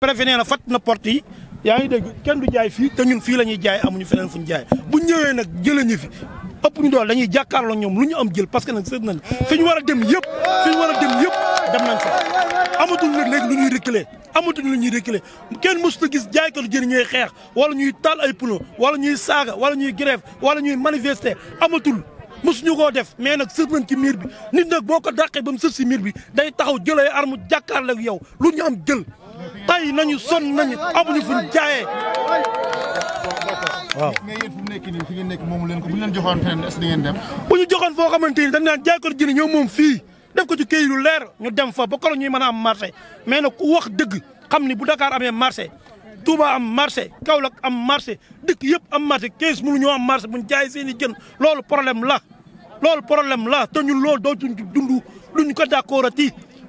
préfet nee na na porte yaa ngi dégg kenn du jaay fii te ñun fii la ñuy jaay amuñu feneen fu jaay bu ñëwee nag jëlee ñu fi ëpp ñu dool dañuy jàkkaarloo ñoom lu ñu am jël parce que nag seet nañ fi ñu war a dem yëpp fi ñu war a dem yëpp dem nañ fa amatul nag léegi lu ñuy réclé amatul lu ñuy réclé kenn mosut a gis jaaykatu jën ñooy xeex wala ñuy taal ay pneu wala ñuy saaga wala ñuy grève wala ñuy manifester amatul mosuñu koo def mais nag sës nañ ci miir bi nit nag boo ko dàqee ba mu sës si miir bi day taxaw jëlee arme jàkkaarloo ak yow lu ñu am jël tay nañu sonn nañu amuñu fuñ jaayee. waaw mais yéen fu mu nekk nii fi ngeen nekk moomu leen ko bu ñu leen joxoon feneen est-ce que di ngeen dem. bu ñu joxoon foo xamante ni dañ naan jaay ko jënd moom fii def ko ci këyit lu leer ñu dem fa ba koro ñuy mën a am marché mais nag ku wax dëgg xam ni bu dakaar amee marché. Touba am marché Kaolack am marché dëkk yëpp am marché 15 mënu ñoo am marché buñ jaay seen i jën loolu problème la loolu problème la te ñun loolu dootuñ dund duñ ko d'accord ati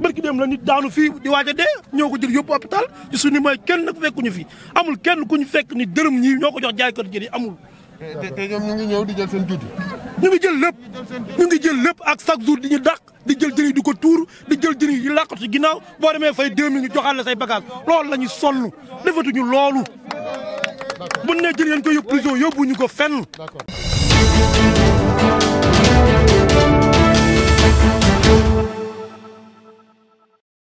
barki dem la nit daanu fii di waaj a ñëw ko jël yóbbu hôpital ci suñu mooy kenn nag fekkuñu fi amul kenn ku ñu fekk ni dërëm ñii ñoo ko jox jaaykat jëri amul. te di jël seen tuuti. ñu ngi jël lépp ñu ngi jël lépp ak chaque jour di ñu dàq di jël jën yi di ko tuur di jël jën yi di làqatu ginnaaw boo demee fay deux mille ñu joxaat la say bagage loolu la ñu sonn defatuñu loolu. bu ne jël ngeen ko yóbbu prison ko fenn.